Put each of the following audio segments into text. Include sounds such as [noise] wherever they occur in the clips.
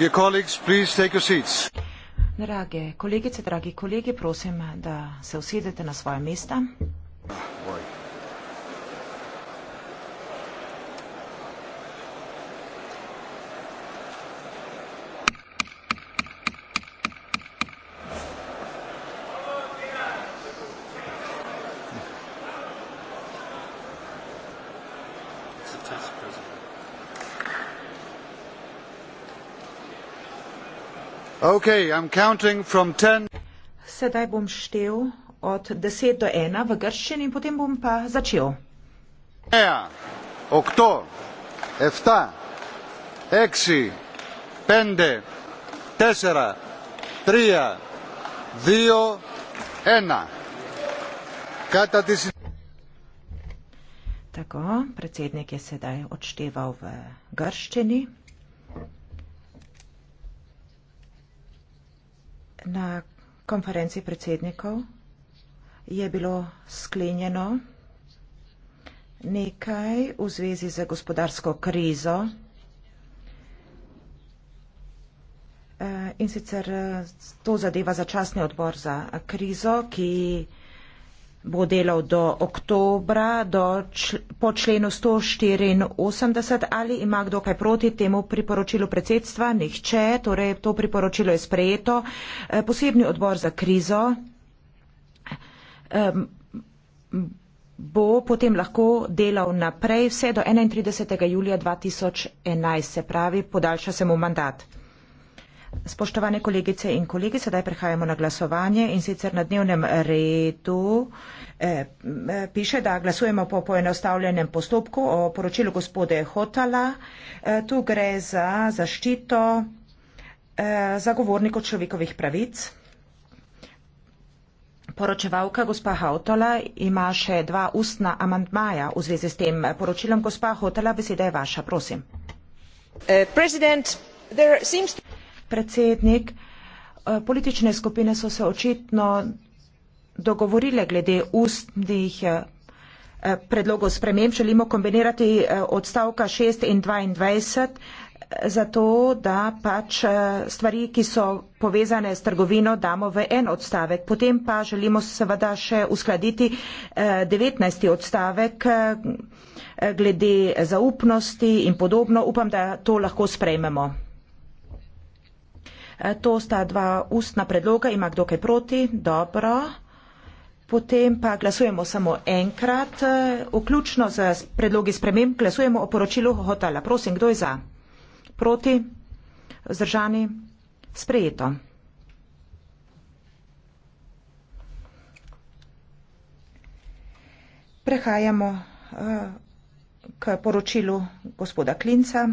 Drage kolegice, dragi kolegi, prosim, da se usedete na svoje mesta. Sedaj bom štel od 10 do 1 v grščini, potem bom pa začel. Ea, okto, efta, eksi, pende, tesera, trija, dio, ena. Kata ti si. Tako, predsednik je sedaj odšteval v grščini. na konferenci predsednikov je bilo sklenjeno nekaj v zvezi z gospodarsko krizo eh, in sicer eh, to zadeva začasni odbor za krizo, ki je bo delal do oktobra, do čl po členu 184 ali ima kdo kaj proti temu priporočilu predsedstva? Nihče, torej to priporočilo je sprejeto. Eh, posebni odbor za krizo um, bo potem lahko delal naprej vse do 31. julija 2011, se pravi, podaljša se mu mandat. Spoštovane kolegice in kolegi, sedaj prehajamo na glasovanje in sicer na dnevnem redu eh, piše, da glasujemo po poenostavljenem postopku o poročilu gospode Hotala. Eh, tu gre za zaščito eh, zagovornikov človekovih pravic. Poročevalka gospa Hotala ima še dva ustna amantmaja v zvezi s tem poročilom. Gospa Hotala, beseda je vaša, prosim. Uh, predsednik. Eh, politične skupine so se očitno dogovorile glede ustnih eh, predlogov sprememb. Želimo kombinirati eh, odstavka 6 in 22 zato, da pač stvari, ki so povezane s trgovino, damo v en odstavek. Potem pa želimo seveda še uskladiti 19. odstavek glede zaupnosti in podobno. Upam, da to lahko sprejmemo. Eh, to sta dva ustna predloga, ima kdo kaj proti? Dobro. Potem pa glasujemo samo enkrat, eh, vključno z predlogi sprememb, glasujemo o poročilu hotela. Prosim, kdo je za? Proti? Zdržani? Sprejeto. Prehajamo eh, k poročilu gospoda Klinca.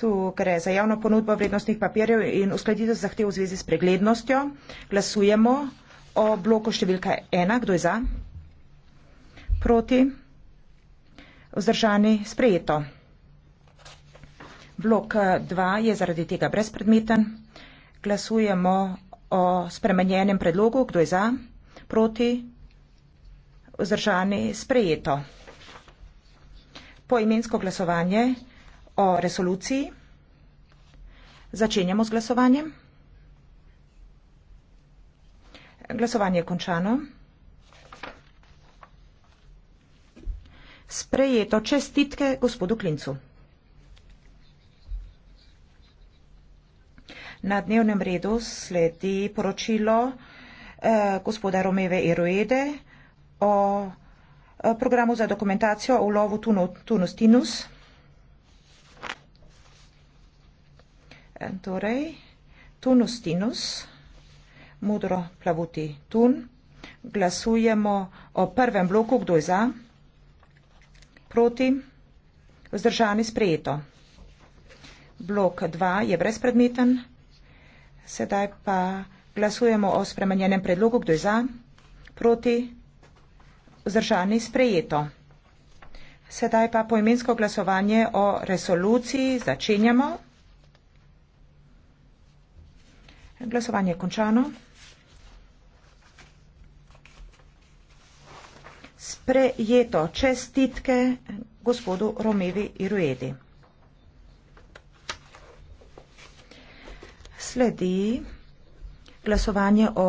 Tu gre za javno ponudbo vrednostnih papirjev in uskladitev zahtev v zvezi s preglednostjo. Glasujemo o bloku številka ena. Kdo je za? Proti? Vzdržani? Sprejeto. Blok dva je zaradi tega brezpredmeten. Glasujemo o spremenjenem predlogu. Kdo je za? Proti? Vzdržani? Sprejeto. Poimensko glasovanje o resoluciji. Začenjamo z glasovanjem. Glasovanje je končano. Sprejeto čestitke gospodu Klincu. Na dnevnem redu sledi poročilo eh, gospoda Romeve Eroede o eh, programu za dokumentacijo o ulovu tunu, Tunus Tinus. torej tunus tinus, modro plavuti tun. Glasujemo o prvem bloku, kdo je za, proti, vzdržani sprejeto. Blok 2 je brezpredmeten. Sedaj pa glasujemo o spremenjenem predlogu, kdo je za, proti, vzdržani sprejeto. Sedaj pa poimensko glasovanje o resoluciji začenjamo. Glasovanje je končano. Sprejeto čestitke gospodu Romevi Irujedi. Sledi glasovanje o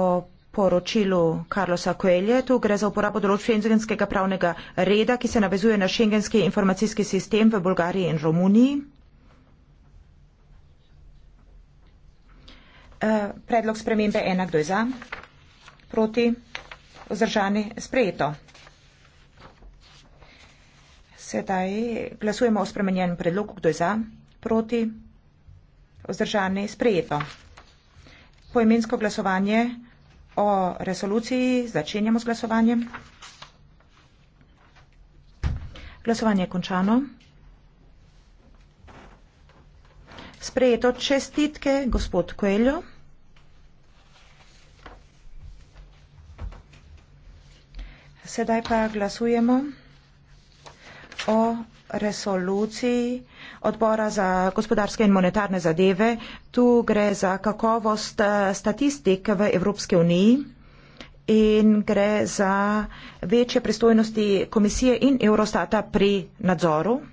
poročilu Karlosa Koelje. Tu gre za uporabo določb šengenskega pravnega reda, ki se navezuje na šengenski informacijski sistem v Bolgariji in Romuniji. Eh, predlog spremembe ena, kdo je za, proti, vzdržani, sprejeto. Sedaj glasujemo o spremenjenem predlogu, kdo je za, proti, vzdržani, sprejeto. Poimensko glasovanje o resoluciji začenjamo z glasovanjem. Glasovanje je končano. Sprejeto čestitke, gospod Koeljo. Sedaj pa glasujemo o resoluciji odbora za gospodarske in monetarne zadeve. Tu gre za kakovost eh, statistik v Evropske uniji in gre za večje pristojnosti komisije in Eurostata pri nadzoru. Eh,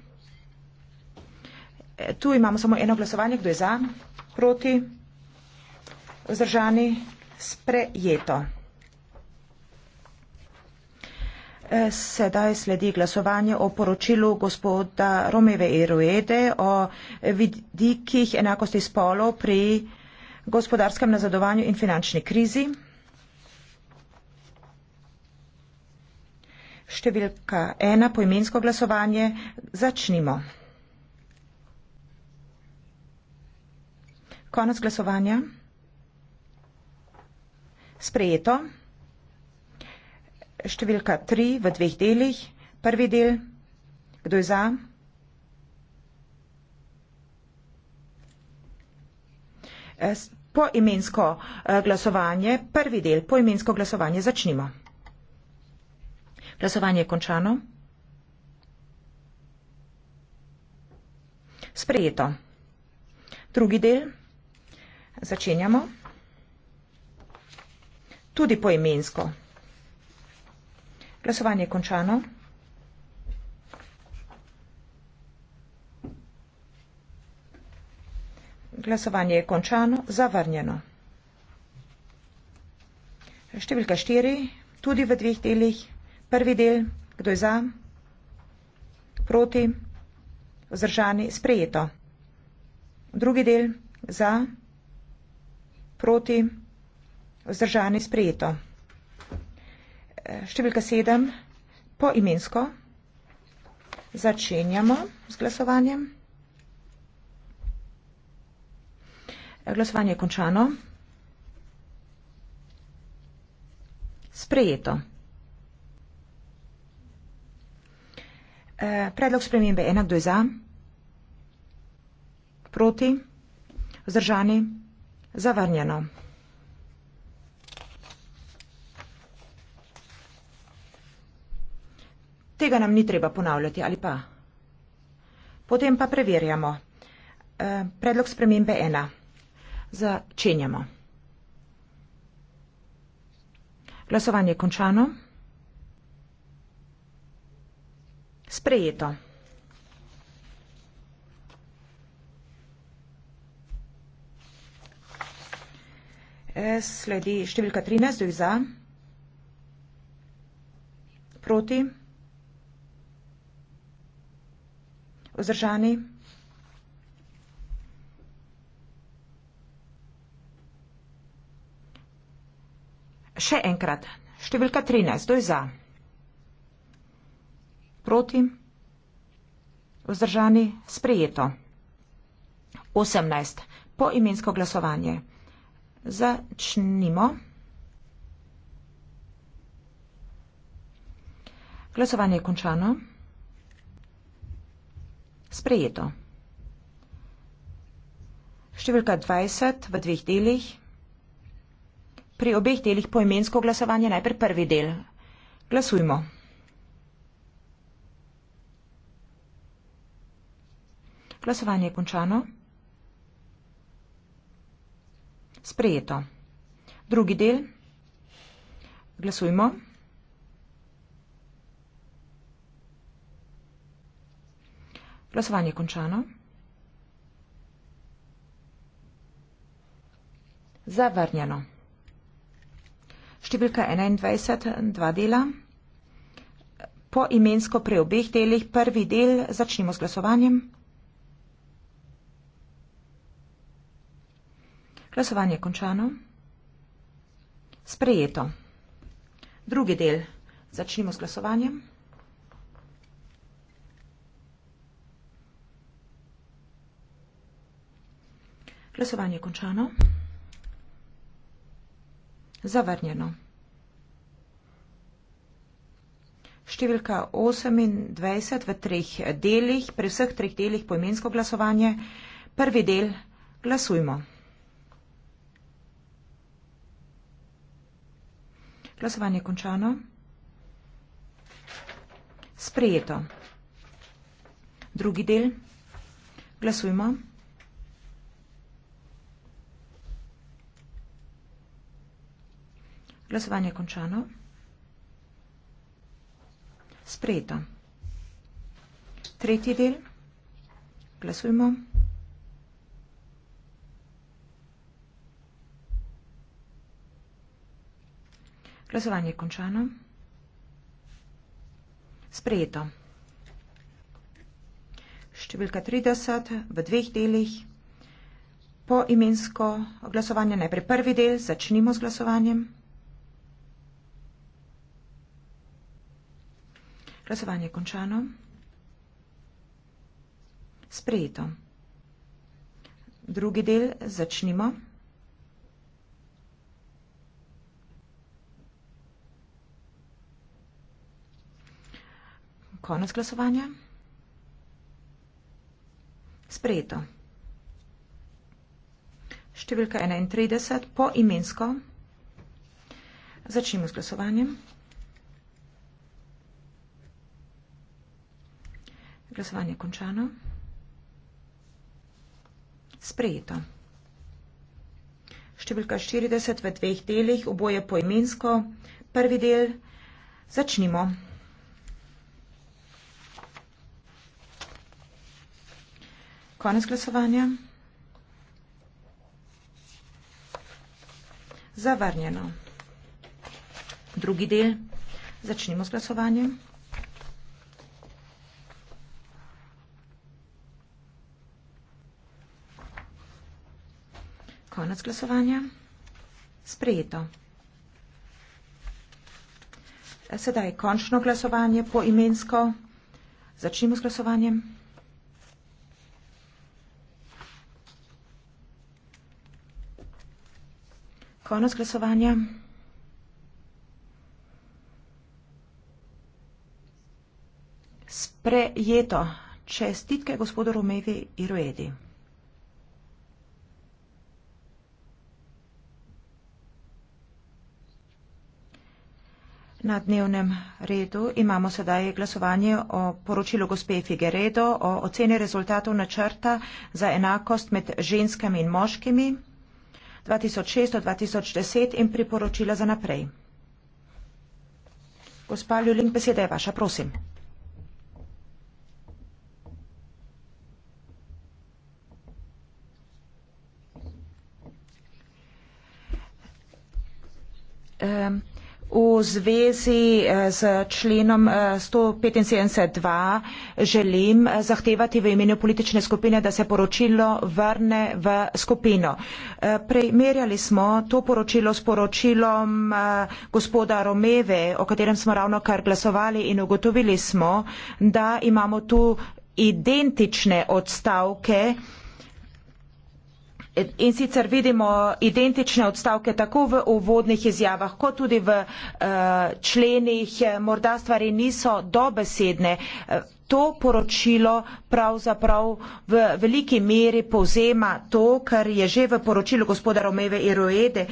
tu imamo samo eno glasovanje, kdo je za, proti, vzdržani, sprejeto. Sedaj sledi glasovanje o poročilu gospoda Romeve Eruede o vidikih enakosti spolov pri gospodarskem nazadovanju in finančni krizi. Številka ena, poimensko glasovanje. Začnimo. Konec glasovanja. Sprejeto številka tri v dveh delih. Prvi del, kdo je za? E, poimensko e, glasovanje, prvi del, poimensko glasovanje, začnimo. Glasovanje je končano. Sprejeto. Drugi del, začenjamo. Tudi poimensko glasovanje. Glasovanje je končano. Glasovanje je končano, zavrnjeno. Številka štiri, tudi v dveh delih. Prvi del, kdo je za, proti, vzdržani, sprejeto. Drugi del, za, proti, vzdržani, sprejeto številka sedem po imensko. Začenjamo z glasovanjem. Glasovanje je končano. Sprejeto. Eh, predlog spremembe ena, kdo je za? Proti? Vzdržani? Zavrnjeno. Tega nam ni treba ponavljati, ali pa? Potem pa preverjamo. Eh, predlog spremembe ena. Začenjamo. Glasovanje je končano. Sprejeto. Eh, sledi številka 13, dojza. Proti. vzdržani. Še enkrat, številka 13, kdo je za? Proti? Vzdržani? Sprejeto. 18. Po imensko glasovanje. Začnimo. Glasovanje je končano sprejeto. Številka 20 v dveh delih. Pri obeh delih poimensko glasovanje najprej prvi del. Glasujmo. Glasovanje je končano. Sprejeto. Drugi del. Glasujmo. Glasovanje je končano. Zavrnjeno. Številka 21, dva dela. Po imensko pri obeh delih, prvi del, začnimo z glasovanjem. Glasovanje je končano. Sprejeto. Drugi del, začnimo z glasovanjem. Glasovanje je končano. Zavrnjeno. Številka 28 v treh delih, pri vseh treh delih poimensko glasovanje. Prvi del glasujmo. Glasovanje je končano. Sprejeto. Drugi del glasujmo. Glasovanje je končano. Sprejeto. Tretji del. Glasujmo. Glasovanje je končano. Sprejeto. Številka 30 v dveh delih. Po imensko glasovanje najprej prvi del, začnimo z glasovanjem. Glasovanje je končano. Sprejeto. Drugi del začnimo. Konec glasovanja. Sprejeto. Številka 31 po imensko. Začnimo s glasovanjem. Glasovanje končano. Sprejeto. Številka 40 v dveh delih, oboje poimensko. Prvi del. Začnimo. Konec glasovanja. Zavrnjeno. Drugi del. Začnimo s glasovanjem. Konec glasovanja. Sprejeto. E, sedaj končno glasovanje po imensko. Začnimo s glasovanjem. Konec glasovanja. Sprejeto. Čestitke gospodu Romevi Iruedi. na dnevnem redu imamo sedaj glasovanje o poročilu gospe Figueredo o oceni rezultatov načrta za enakost med ženskami in moškimi 2006-2010 in priporočila za naprej. Gospa Ljulin, beseda je vaša, prosim v zvezi z eh, členom 175.2 eh, želim eh, zahtevati v imenu politične skupine, da se poročilo vrne v skupino. Primerjali smo to poročilo s poročilom gospoda Romeve, o katerem smo ravno kar glasovali in ugotovili smo, da imamo tu identične odstavke In sicer vidimo identične odstavke tako v uvodnih izjavah, kot tudi v eh, členih. Eh, morda stvari niso dobesedne. Eh, to poročilo pravzaprav v veliki meri povzema to, kar je že v poročilu gospoda Romeve Iroede,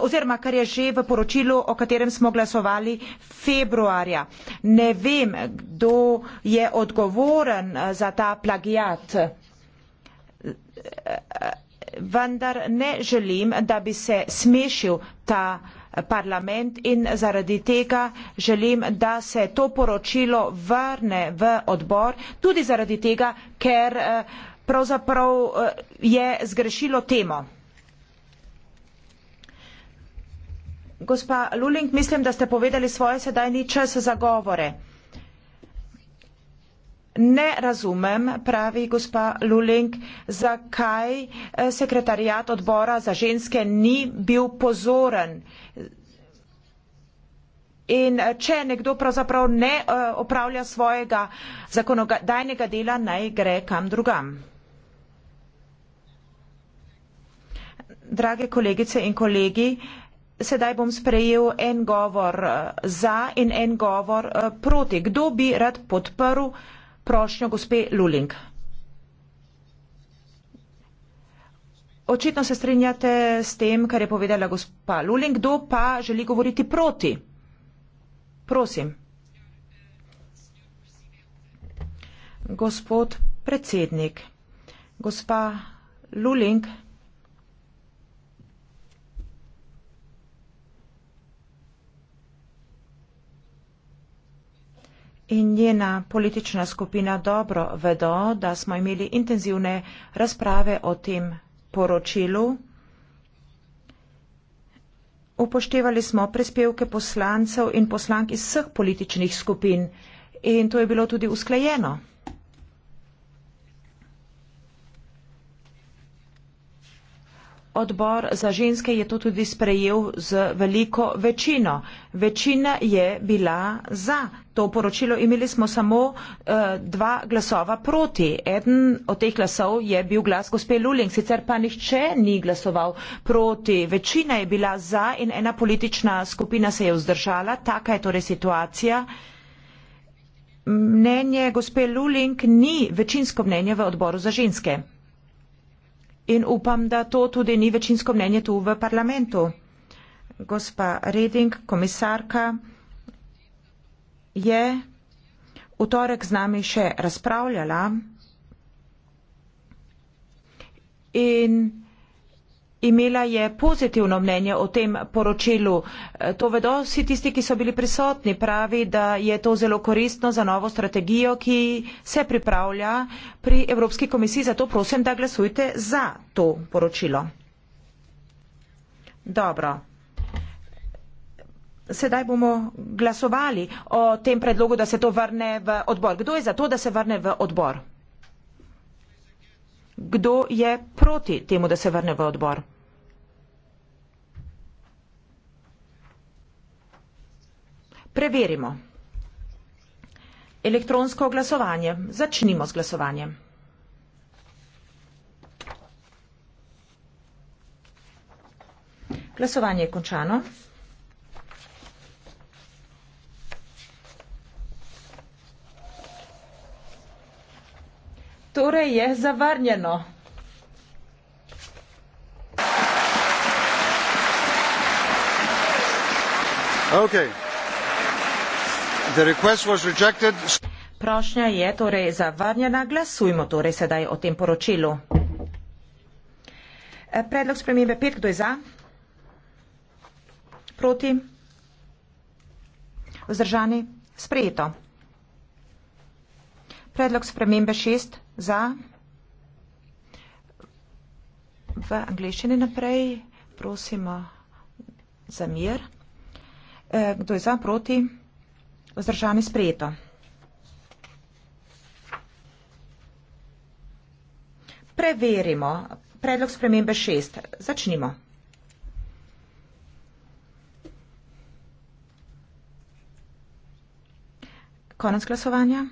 oziroma kar je že v poročilu, o katerem smo glasovali februarja. Ne vem, kdo je odgovoren za ta plagijat vendar ne želim, da bi se smešil ta parlament in zaradi tega želim, da se to poročilo vrne v odbor, tudi zaradi tega, ker eh, pravzaprav eh, je zgrešilo temo. Gospa Luling, mislim, da ste povedali svoje, sedaj ni čas za govore. Ne razumem, pravi gospa Luling, zakaj eh, sekretarijat odbora za ženske ni bil pozoren. In eh, če nekdo pravzaprav ne eh, opravlja svojega zakonodajnega dela, naj gre kam drugam. Drage kolegice in kolegi, sedaj bom sprejel en govor za in en govor proti. Kdo bi rad podprl prošnjo gospe Luling. Očitno se strinjate s tem, kar je povedala gospa Luling. Kdo pa želi govoriti proti? Prosim. Gospod predsednik, gospa Luling. in njena politična skupina dobro vedo, da smo imeli intenzivne razprave o tem poročilu. Upoštevali smo prispevke poslancev in poslank iz vseh političnih skupin in to je bilo tudi usklajeno. odbor za ženske je to tudi sprejel z veliko večino. Večina je bila za to poročilo. Imeli smo samo uh, dva glasova proti. Eden od teh glasov je bil glas gospe Luling, sicer pa nihče ni glasoval proti. Večina je bila za in ena politična skupina se je vzdržala. Taka je torej situacija. Mnenje gospe Luling ni večinsko mnenje v odboru za ženske in upam, da to tudi ni večinsko mnenje tu v parlamentu. Gospa Reding, komisarka, je v torek z nami še razpravljala in imela je pozitivno mnenje o tem poročilu. E, to vedo vsi tisti, ki so bili prisotni. Pravi, da je to zelo koristno za novo strategijo, ki se pripravlja pri Evropski komisiji. Zato prosim, da glasujte za to poročilo. Dobro. Sedaj bomo glasovali o tem predlogu, da se to vrne v odbor. Kdo je za to, da se vrne v odbor? Kdo je proti temu, da se vrne v odbor? Preverimo. Elektronsko glasovanje. Začnimo z glasovanjem. Glasovanje je končano. Torej je zavrnjeno. Okay. Prošnja je torej zavrnjena, glasujmo torej sedaj o tem poročilu. E, predlog spremembe pet, kdo je za? Proti? Vzdržani? Sprejeto. Predlog spremembe šest, za? V angliščini naprej, prosimo za mir. E, kdo je za? Proti? Vzdržani sprejeto. Preverimo predlog spremembe šest. Začnimo. Konec glasovanja.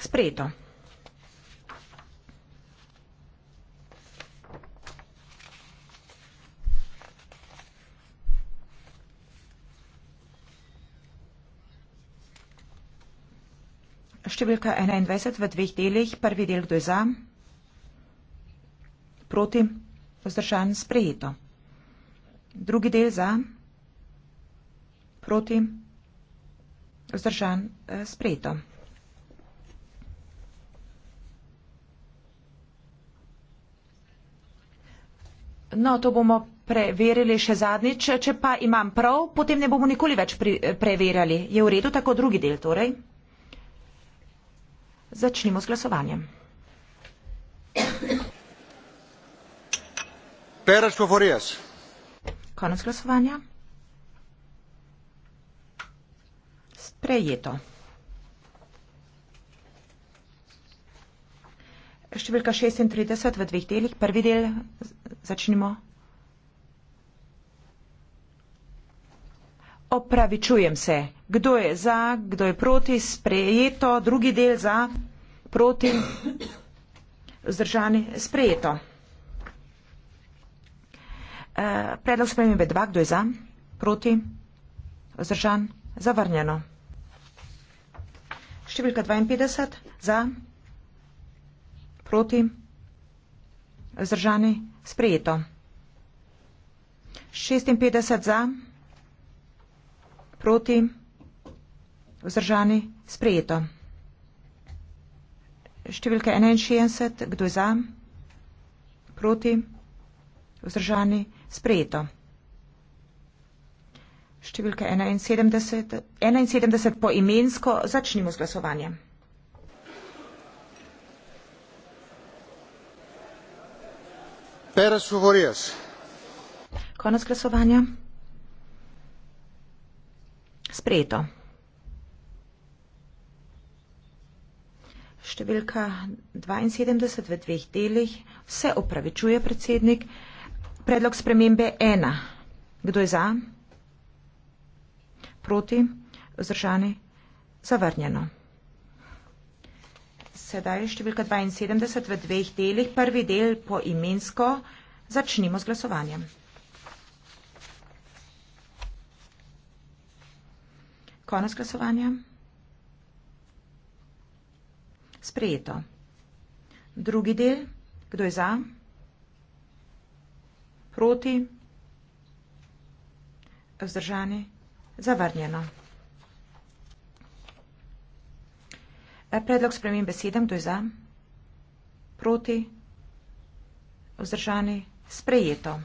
Sprejeto. številka enaindvajset v dveh delih, prvi del, kdo je za, proti, vzdržan, sprejeto. Drugi del za, proti, vzdržan, eh, sprejeto. No, to bomo preverili še zadnjič, če pa imam prav, potem ne bomo nikoli več preverjali. Je v redu tako drugi del torej? Začnimo s glasovanjem. Perač Favorijas. Konec glasovanja. Sprejeto. Številka 36 v dveh delih. Prvi del začnimo opravičujem se. Kdo je za, kdo je proti, sprejeto, drugi del za, proti, vzdržani, sprejeto. Eh, predlog spremembe 2, kdo je za, proti, vzdržan, zavrnjeno. Številka 52, za, proti, vzdržani, sprejeto. 56 za, Proti? Vzdržani? Sprejeto. Številke 61, kdo je za? Proti? Vzdržani? Sprejeto. Številke 71, 71 po imensko, začnimo z glasovanjem. Perez Uvorijas. Konec glasovanja. Sprejeto. Številka 72 v dveh delih se upravičuje predsednik. Predlog spremembe 1. Kdo je za? Proti? Vzdržani? Zavrnjeno. Sedaj številka 72 v dveh delih. Prvi del po imensko. Začnimo z glasovanjem. Konec glasovanja. Sprejeto. Drugi del. Kdo je za? Proti? Vzdržani? Zavrnjeno. E, predlog spremembe sedem. Kdo je za? Proti? Vzdržani? Sprejeto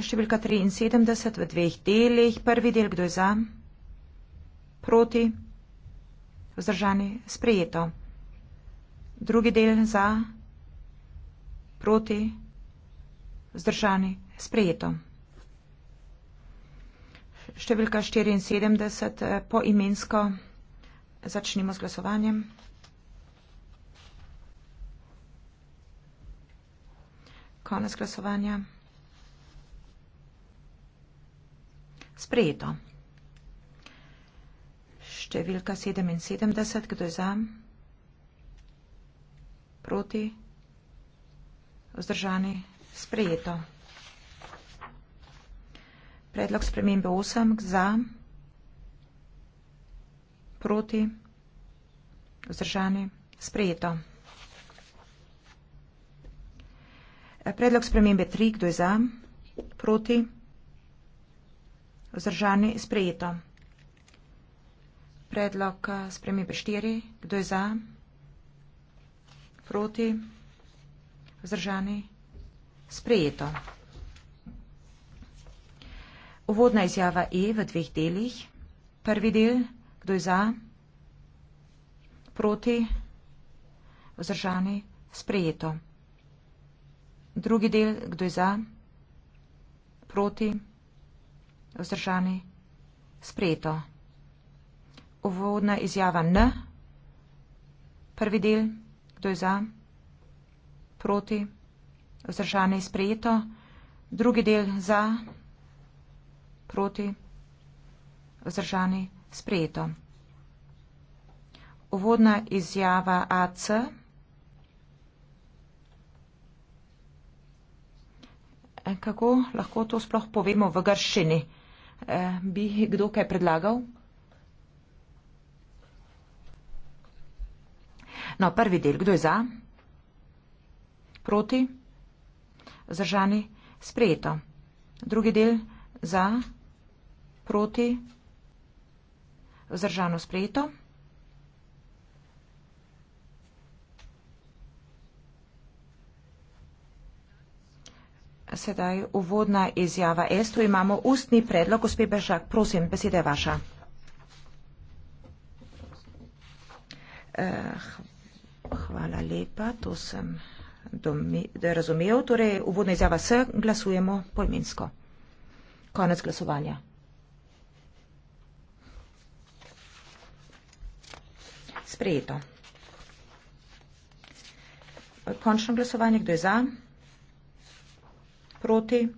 številka 73 v dveh delih. Prvi del, kdo je za, proti, vzdržani, sprejeto. Drugi del za, proti, vzdržani, sprejeto. Številka 74 po imensko. Začnimo z glasovanjem. Konec glasovanja. Sprejeto. Številka 77, kdo je za? Proti? Vzdržani? Sprejeto. Predlog spremembe 8, za? Proti? Vzdržani? Sprejeto. Predlog spremembe 3, kdo je za? Proti? Vzdržani? Vzdržani sprejeto. Predlog eh, spremembe štiri. Kdo je za? Proti? Vzdržani? Sprejeto. Uvodna izjava E v dveh delih. Prvi del. Kdo je za? Proti? Vzdržani? Sprejeto. Drugi del. Kdo je za? Proti? Vzdržani? vzdržani, sprejeto. Uvodna izjava N, prvi del, kdo je za, proti, vzdržani, sprejeto, drugi del za, proti, vzdržani, sprejeto. Uvodna izjava AC. Kako lahko to sploh povemo v gršini? Eh, bi kdo kaj predlagal? No, prvi del, kdo je za? Proti? Zdržani? Sprejeto. Drugi del, za? Proti? Zdržano? Sprejeto. Sedaj uvodna izjava Estu. Imamo ustni predlog. Gospe Bežak, prosim, beseda je vaša. Eh, hvala lepa, to sem razumel. Torej, uvodna izjava S, glasujemo pojminsko. Konec glasovanja. Sprejeto. Končno glasovanje, kdo je za? Hvala lepa proti?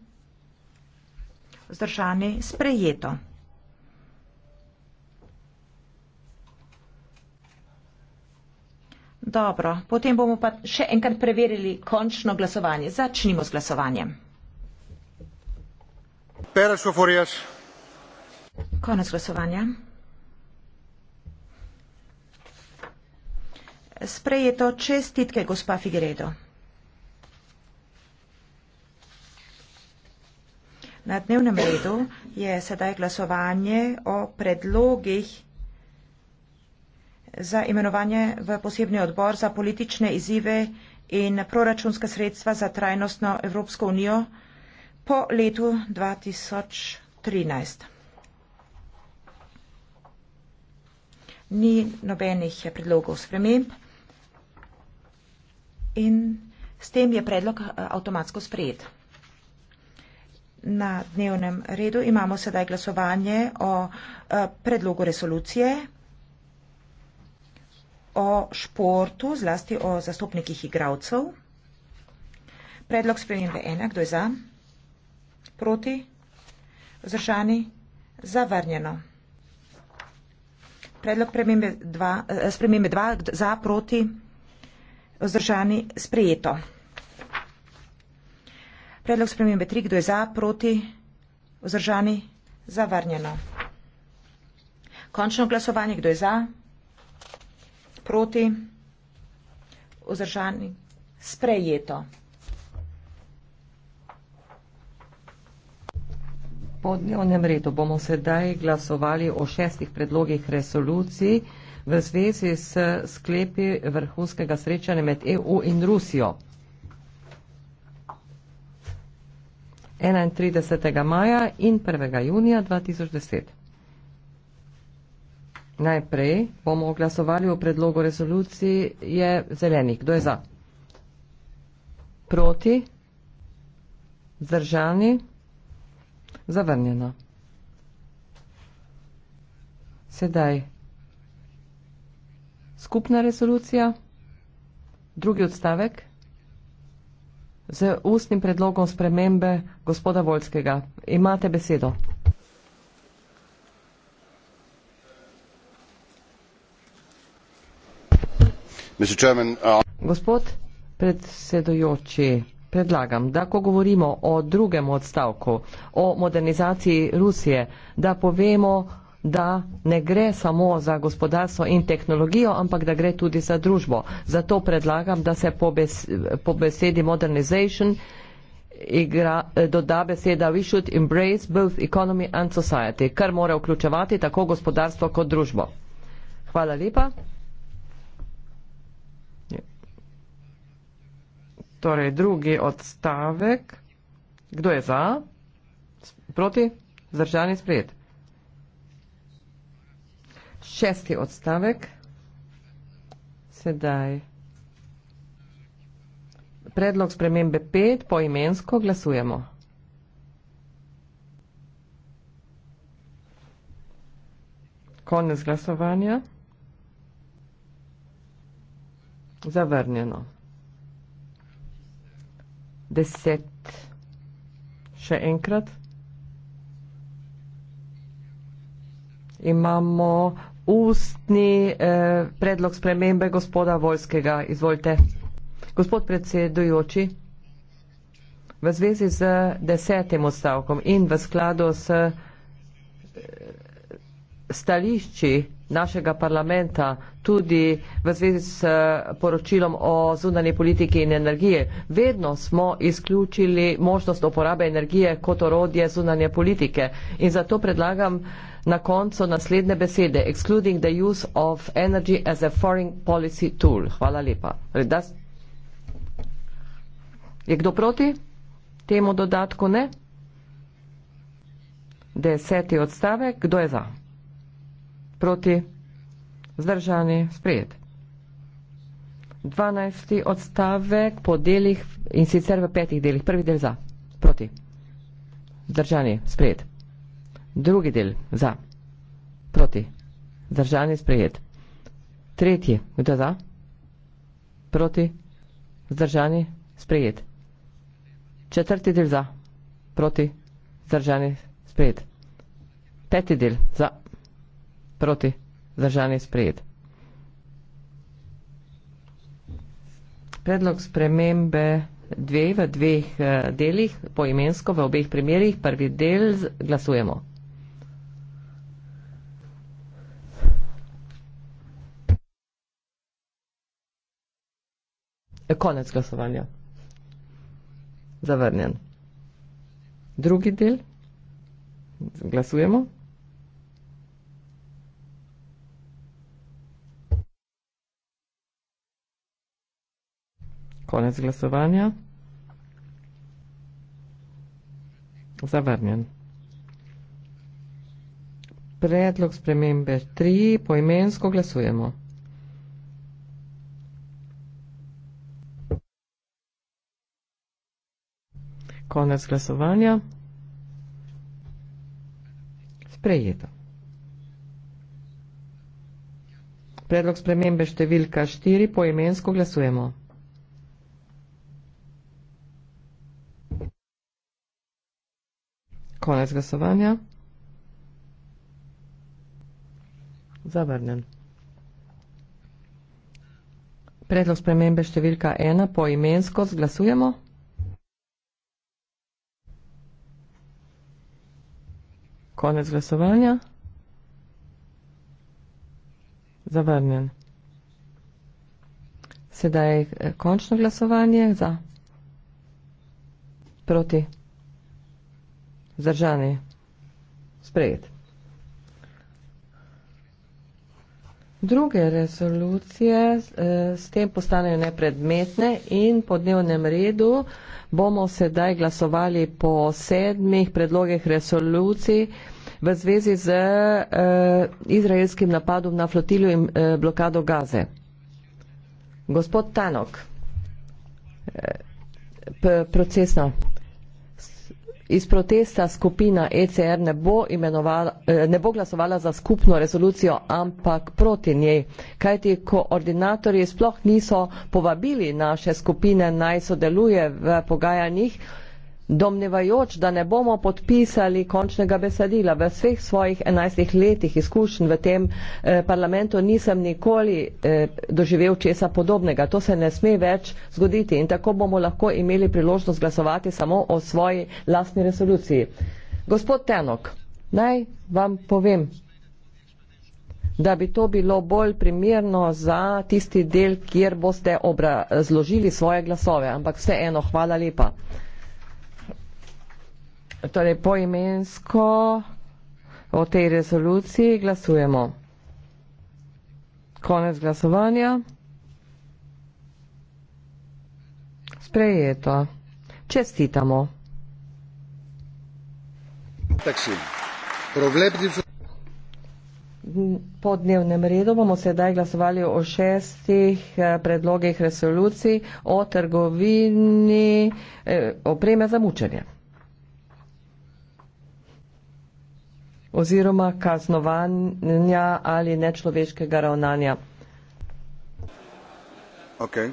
Vzdržani sprejeto. Dobro, potem bomo pa še enkrat preverili končno glasovanje. Začnimo z glasovanjem. Peres Foforijas. Konec glasovanja. Sprejeto čestitke gospa Figueredo. Na dnevnem redu je sedaj glasovanje o predlogih za imenovanje v posebni odbor za politične izzive in proračunska sredstva za trajnostno Evropsko unijo po letu 2013. Ni nobenih predlogov sprememb in s tem je predlog eh, avtomatsko sprejet na dnevnem redu imamo sedaj glasovanje o eh, predlogu resolucije o športu, zlasti o zastopnikih igralcev. Predlog spremembe ena, kdo je za? Proti? Vzdržani? Zavrnjeno. Predlog spremembe dva, eh, spremembe dva, za, proti? Vzdržani? Sprejeto. Predlog spremembe tri, kdo je za, proti, vzdržani, zavrnjeno. Končno glasovanje, kdo je za, proti, vzdržani, sprejeto. Po dnevnem redu bomo sedaj glasovali o šestih predlogih resolucij v zvezi s sklepi vrhunskega srečanja med EU in Rusijo. 31. maja in 1. junija 2010. Najprej bomo glasovali o predlogu resoluciji je zelenih. Kdo je za? Proti? Zdržani? Zavrnjeno. Sedaj skupna resolucija, drugi odstavek z ustnim predlogom spremembe gospoda Volskega. Imate besedo. Chairman, uh... Gospod predsedojoči, predlagam, da ko govorimo o drugem odstavku, o modernizaciji Rusije, da povemo, da ne gre samo za gospodarstvo in tehnologijo, ampak da gre tudi za družbo. Zato predlagam, da se po, bes, po besedi modernization igra, eh, doda beseda we should embrace both economy and society, kar mora vključevati tako gospodarstvo kot družbo. Hvala lepa. Torej, drugi odstavek. Kdo je za? Proti? Zdržani sprejet šesti odstavek. Sedaj. Predlog spremembe 5 poimensko glasujemo. Konec glasovanja. Zavrnjeno. Deset. Še enkrat. Imamo ustni eh, predlog spremembe gospoda Voljskega. Izvolite. Gospod predsedujoči, v zvezi z desetim ostavkom in v skladu s eh, stališči našega parlamenta, tudi v zvezi s eh, poročilom o zunanje politike in energije. Vedno smo izključili možnost uporabe energije kot orodje zunanje politike in zato predlagam na koncu naslednje besede, excluding the use of energy as a foreign policy tool. Hvala lepa. Torej, das... Je kdo proti temu dodatku? Ne. Deseti odstavek. Kdo je za? proti zdržani sprejet. 12. odstavek po delih in sicer v petih delih. Prvi del za, proti zdržani sprejet. Drugi del za, proti zdržani sprejet. Tretji, kdo za, proti zdržani sprejet. Četrti del za, proti zdržani sprejet. Peti del za, proti. Proti. Zdržan je sprejet. Predlog spremembe dve v dveh eh, delih, poimensko v obeh primerjih, prvi del glasujemo. Konec glasovanja. Zavrnjen. Drugi del glasujemo. Konec glasovanja. Zavrnjen. Predlog spremembe 3. Poimensko glasujemo. Konec glasovanja. Sprejeto. Predlog spremembe številka 4. Poimensko glasujemo. Konec glasovanja. Zavrnjen. Predlog spremembe številka 1 po imensko zglasujemo. Konec glasovanja. Zavrnjen. Sedaj eh, končno glasovanje za proti. Zdržani. Sprejet. Druge rezolucije eh, s tem postanejo nepredmetne in po dnevnem redu bomo sedaj glasovali po sedmih predlogih resolucij v zvezi z eh, izraelskim napadom na flotilo in eh, blokado Gaze. Gospod Tanok, procesno iz protesta skupina ECR ne bo, eh, ne bo glasovala za skupno rezolucijo, ampak proti njej. Kajti koordinatorji sploh niso povabili naše skupine naj sodeluje v pogajanjih, domnevajoč, da ne bomo podpisali končnega besedila. V vseh svojih enajstih letih izkušenj v tem eh, parlamentu nisem nikoli eh, doživel česa podobnega. To se ne sme več zgoditi in tako bomo lahko imeli priložnost glasovati samo o svoji lastni resoluciji. Gospod Tenok, naj vam povem, da bi to bilo bolj primerno za tisti del, kjer boste obrazložili svoje glasove. Ampak vseeno, hvala lepa torej poimensko o tej rezoluciji glasujemo. Konec glasovanja. Sprejeto. Čestitamo. Po dnevnem redu bomo sedaj glasovali o šestih eh, predlogih resolucij o trgovini eh, opreme za mučenje. oziroma kaznovanja ali nečloveškega ravnanja. Okay.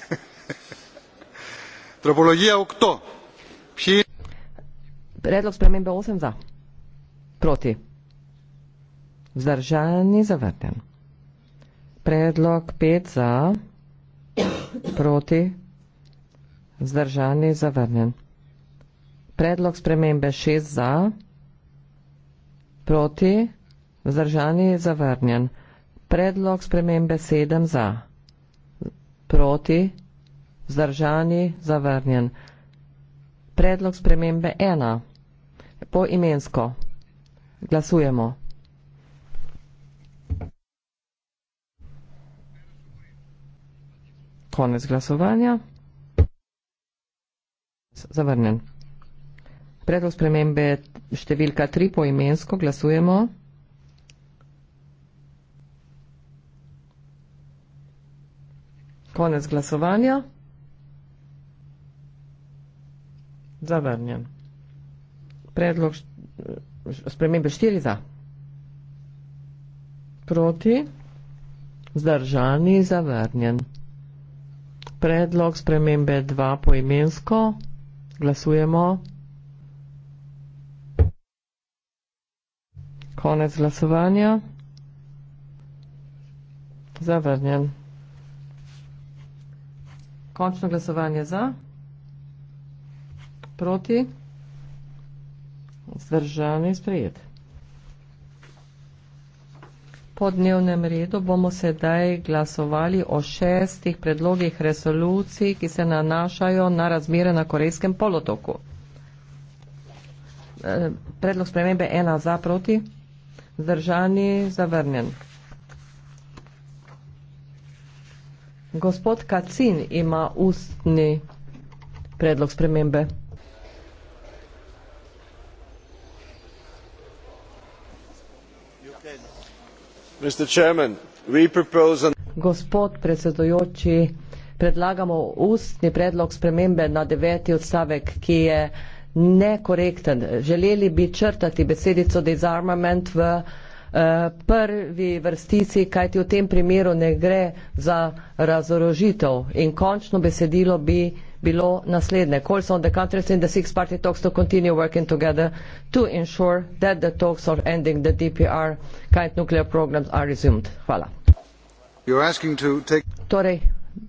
[laughs] Tropologija v kdo? Psi. Predlog spremembe 8 za. Proti. Vzdržani zavrten. Predlog 5 za. Proti. Vzdržani zavrnjen predlog spremembe 6 za, proti, vzdržani je zavrnjen. Predlog spremembe 7 za, proti, vzdržani, zavrnjen. Predlog spremembe 1, po imensko, glasujemo. Konec glasovanja. Zavrnjen. Predlog spremembe številka 3 poimensko glasujemo. Konec glasovanja. Zavrnjen. Predlog spremembe 4 za. Proti. Zdržani. Zavrnjen. Predlog spremembe 2 poimensko glasujemo. Konec glasovanja. Zavrnjen. Končno glasovanje za. Proti. Zdržani sprejet. Po dnevnem redu bomo sedaj glasovali o šestih predlogih resolucij, ki se nanašajo na razmere na Korejskem polotoku. E, predlog spremembe ena za proti. Zdržani zavrnjen. Gospod Kacin ima ustni predlog spremembe. Mr. Chairman, we propose an... Gospod predsedujoči, predlagamo ustni predlog spremembe na deveti odstavek, ki je uh, nekorekten. Želeli bi črtati besedico disarmament v uh, prvi vrstici, kajti v tem primeru ne gre za razorožitev. In končno besedilo bi bilo naslednje. Calls on the countries in the six party talks to continue working together to ensure that the talks are ending the DPR kind nuclear programs are resumed. Hvala. You're asking to take... Torej,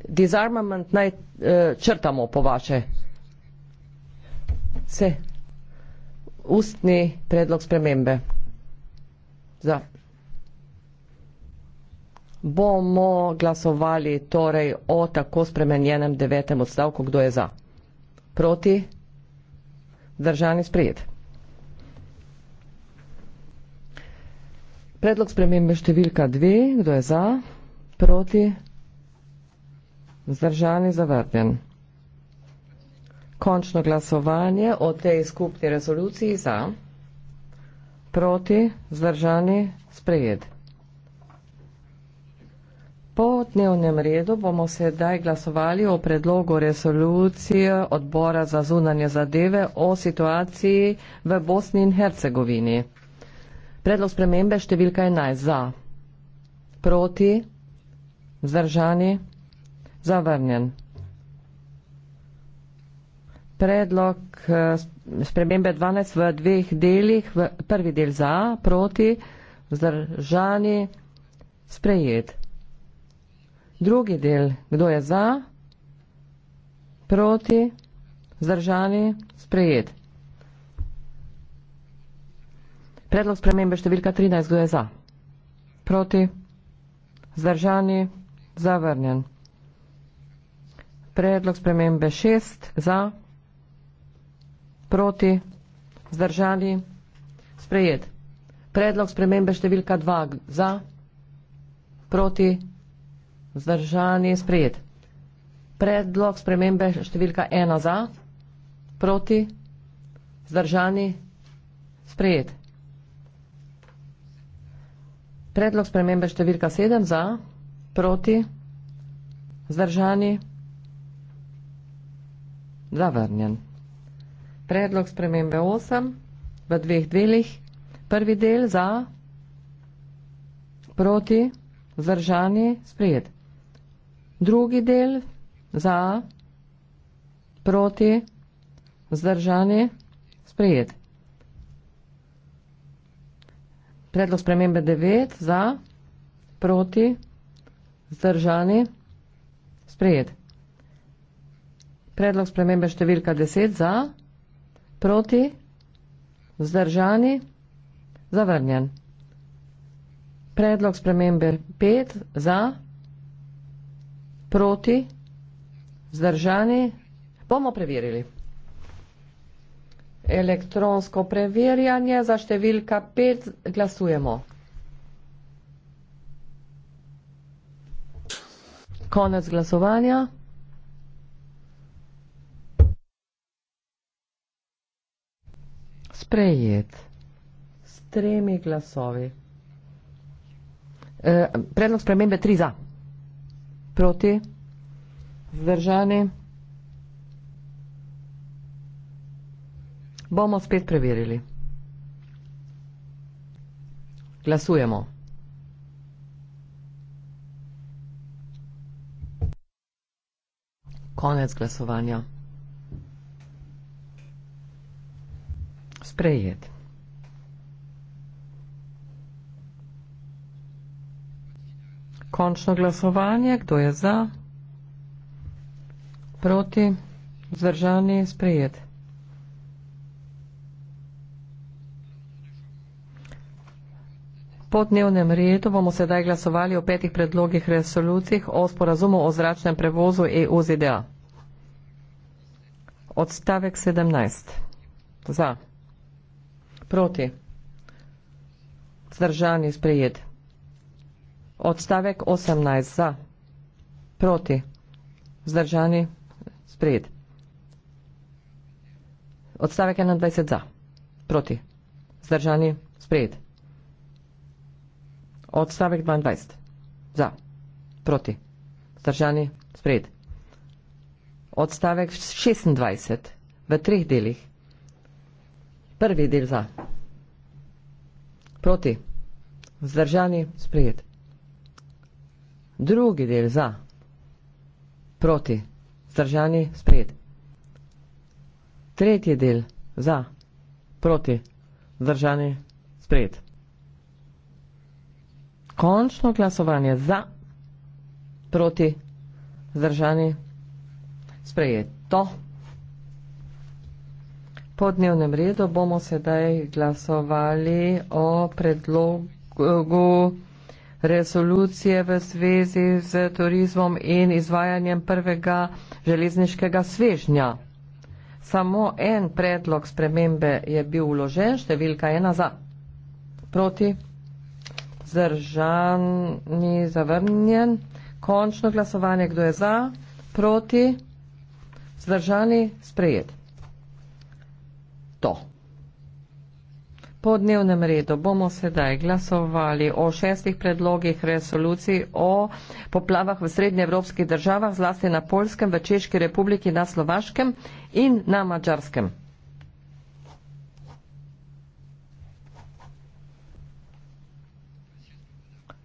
disarmament naj uh, črtamo po vaše. Se. Ustni predlog spremembe. Za. Bomo glasovali torej o tako spremenjenem devetem odstavku, kdo je za. Proti. Držani sprejet. Predlog spremembe številka dve, kdo je za. Proti. Zdržani zavrnjen končno glasovanje o tej skupni rezoluciji za, proti, zdržani, sprejet. Po dnevnem redu bomo sedaj glasovali o predlogu resolucije odbora za zunanje zadeve o situaciji v Bosni in Hercegovini. Predlog spremembe številka 11 za, proti, zdržani, zavrnjen predlog eh, spremembe 12 v dveh delih, v prvi del za, proti, vzdržani, sprejet. Drugi del, kdo je za, proti, vzdržani, sprejet. Predlog spremembe številka 13, kdo je za, proti, vzdržani, zavrnjen. Predlog spremembe 6 za, proti, vzdržani, sprejet proti, zdržali, sprejet. Predlog spremembe številka 2 za, proti, zdržali, sprejet. Predlog spremembe številka 1 za, proti, zdržali, sprejet. Predlog spremembe številka 7 za, proti, zdržali, zavrnjen predlog spremembe 8 v dveh delih. Prvi del za, proti, zdržani, sprijet. Drugi del za, proti, zdržani, sprijet. Predlog spremembe 9 za, proti, zdržani, sprijet. Predlog spremembe številka 10 za, proti, zdržani, sprijet. Predlog spremembe številka 10 za, proti, vzdržani, zavrnjen. Predlog spremembe 5 za, proti, vzdržani, bomo preverili. Elektronsko preverjanje za številka 5 glasujemo. Konec glasovanja. sprejet. S tremi glasovi. E, predlog spremembe tri za. Proti. Zdržani. Bomo spet preverili. Glasujemo. Konec glasovanja. sprejet. Končno glasovanje, kdo je za, proti, zdržani, sprejet. Po dnevnem redu bomo sedaj glasovali o petih predlogih resolucij o sporazumu o zračnem prevozu EU-ZDA. Odstavek 17. Za. Proti. Zdržan je sprejet. Odstavek 18. Za. Proti. Zdržan je sprejet. Odstavek 21. Za. Proti. Zdržan je sprejet. Odstavek 22. Za. Proti. Zdržan je sprejet. Odstavek 26. V treh delih. Prvi del za. Proti. Zdržani. Sprejet. Drugi del za. Proti. Zdržani. Sprejet. Tretji del za. Proti. Zdržani. Sprejet. Končno glasovanje za. Proti. Zdržani. Sprejet. To po dnevnem redu bomo sedaj glasovali o predlogu resolucije v zvezi z turizmom in izvajanjem prvega železniškega svežnja. Samo en predlog spremembe je bil uložen, številka ena za. Proti. Zdržan ni zavrnjen. Končno glasovanje, kdo je za? Proti. Zdržani sprejet to. Po dnevnem redu bomo sedaj glasovali o šestih predlogih resolucij o poplavah v srednjeevropskih državah, zlasti na Polskem, v Češki republiki, na Slovaškem in na Mačarskem.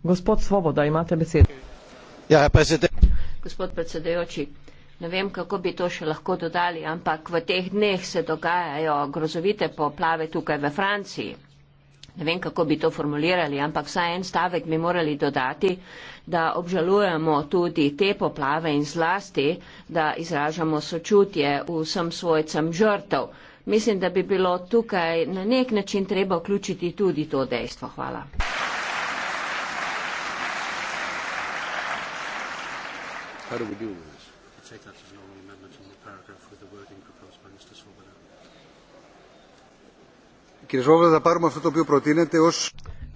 Gospod Svoboda, imate besedo. Ja, ja predsedujoči. Gospod predsedujoči. Ne vem, kako bi to še lahko dodali, ampak v teh dneh se dogajajo grozovite poplave tukaj v Franciji. Ne vem, kako bi to formulirali, ampak vsaj en stavek bi morali dodati, da obžalujemo tudi te poplave in zlasti, da izražamo sočutje vsem svojcem žrtev. Mislim, da bi bilo tukaj na nek način treba vključiti tudi to dejstvo. Hvala. Hvala.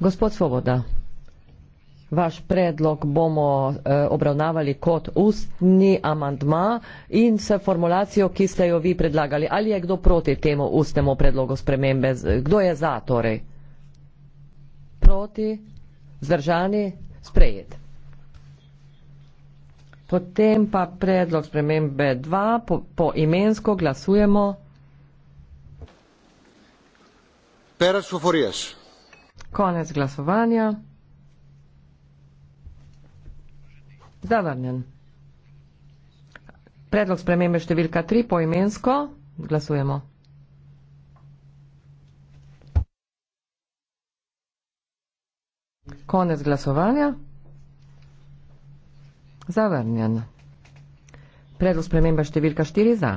Gospod Svoboda, vaš predlog bomo eh, obravnavali kot ustni amandma in s formulacijo, ki ste jo vi predlagali. Ali je kdo proti temu ustnemu predlogu spremembe? Kdo je za torej? Proti, zdržani, sprejet. Potem pa predlog spremembe 2, po, po imensko glasujemo. Konec glasovanja. Zavrnjen. Predlog spremembe številka 3 poimensko. Glasujemo. Konec glasovanja. Zavrnjen. Predlog spremembe številka 4 za.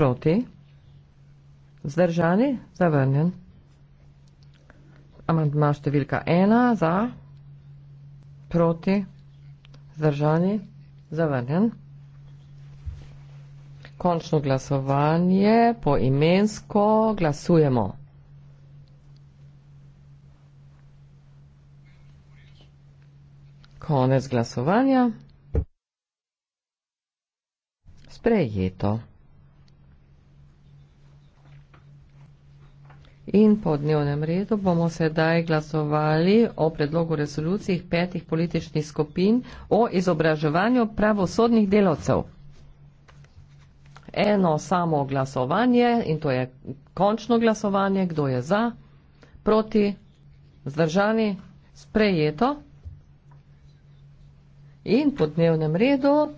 Proti. Zdržani, zavrnjen. Amandma številka ena, za, proti, zdržani, zavrnjen. Končno glasovanje, poimensko glasujemo. Konec glasovanja. Sprejeto. in po dnevnem redu bomo sedaj glasovali o predlogu resolucij petih političnih skupin o izobraževanju pravosodnih delavcev. Eno samo glasovanje in to je končno glasovanje, kdo je za, proti, zdržani, sprejeto. In po dnevnem redu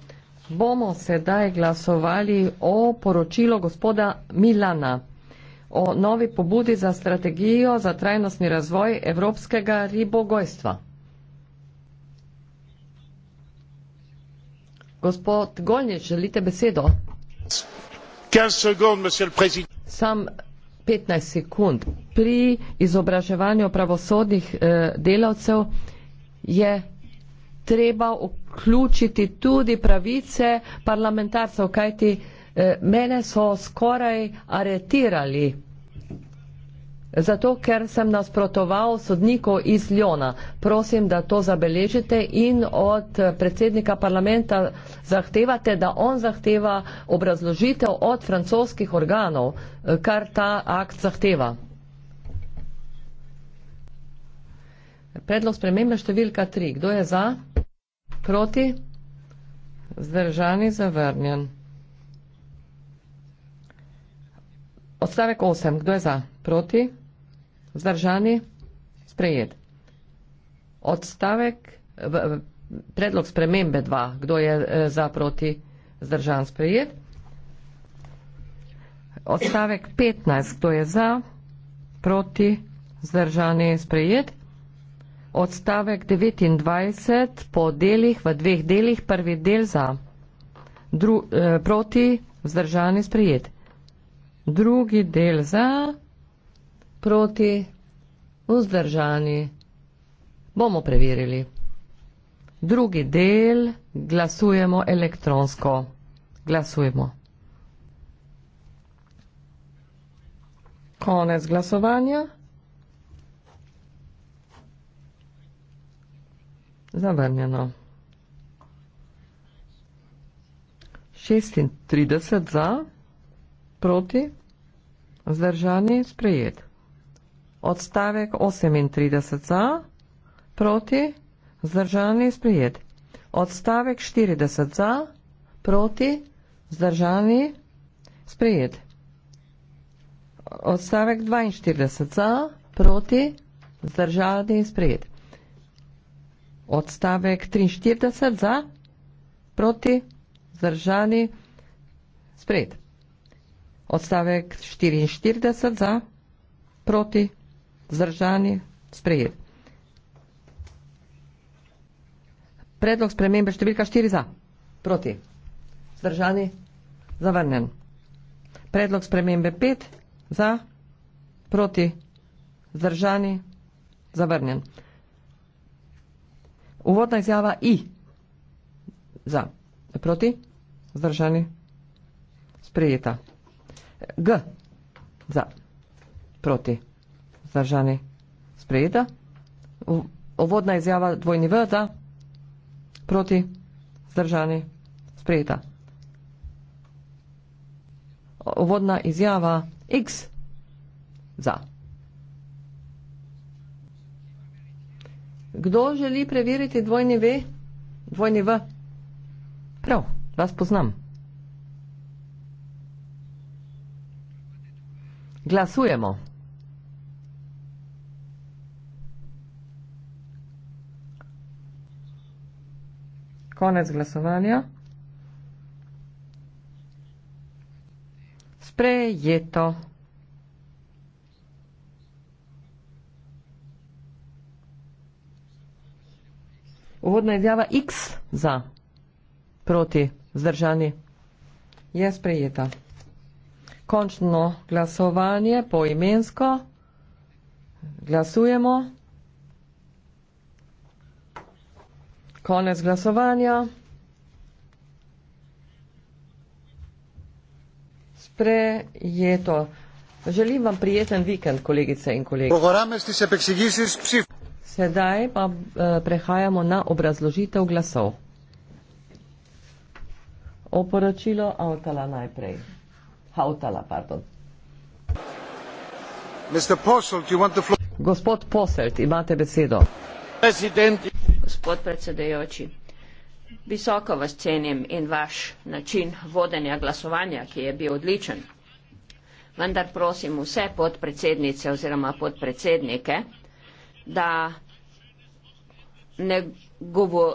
bomo sedaj glasovali o poročilo gospoda Milana o novi pobudi za strategijo za trajnostni razvoj evropskega ribogojstva. Gospod Golnič, želite besedo? Sekund, Sam 15 sekund. Pri izobraževanju pravosodnih eh, delavcev je treba vključiti tudi pravice parlamentarcev, kajti E, mene so skoraj aretirali. Zato, ker sem nasprotoval sodniku iz Ljona. Prosim, da to zabeležite in od predsednika parlamenta zahtevate, da on zahteva obrazložitev od francoskih organov, e, kar ta akt zahteva. Predlog spremembe številka 3. Kdo je za? Proti? Zdržani zavrnjen. Odstavek 8. Kdo je za? Proti? Vzdržani? Sprejet. Odstavek, predlog spremembe 2. Kdo je eh, za? Proti? Vzdržan? Sprejet. Odstavek 15. Kdo je za? Proti? Vzdržani? Sprejet. Odstavek 29 po delih, v dveh delih, prvi del za, dru, eh, proti, vzdržani, sprijeti drugi del za, proti, vzdržani. Bomo preverili. Drugi del glasujemo elektronsko. Glasujemo. Konec glasovanja. Zavrnjeno. 36 za, proti. Zdržani sprejet. Odstavek 38 za, proti, zdržani sprejet. Odstavek 40 za, proti, zdržani sprejet. Odstavek 42 za, proti, zdržani sprejet. Odstavek 43 za, proti, zdržani sprejet odstavek 44 za, proti, zdržani, sprejet. Predlog spremembe številka 4 za, proti, zdržani, zavrnen. Predlog spremembe 5 za, proti, zdržani, zavrnen. Uvodna izjava I za, proti, zdržani, sprejeta. G za proti zdržani sprejeta. Ovodna izjava dvojni V za proti zdržani sprejeta. Ovodna izjava X za. Kdo želi preveriti dvojni V? Dvojni V. Prav, vas poznam. Glasujemo. Konec glasovanja. Sprejeto. Uvodna izjava X za proti zdržani je sprejeta končno glasovanje po imensko. Glasujemo. Konec glasovanja. Sprejeto. Želim vam prijeten vikend, kolegice in kolegi. Sedaj pa eh, prehajamo na obrazložitev glasov. Oporočilo avtala najprej. Hautala, pardon. Gospod Poselt, imate besedo. Gospod predsedajoči, visoko vas cenim in vaš način vodenja glasovanja, ki je bil odličen. Vendar prosim vse podpredsednice oziroma podpredsednike, da ne, govor,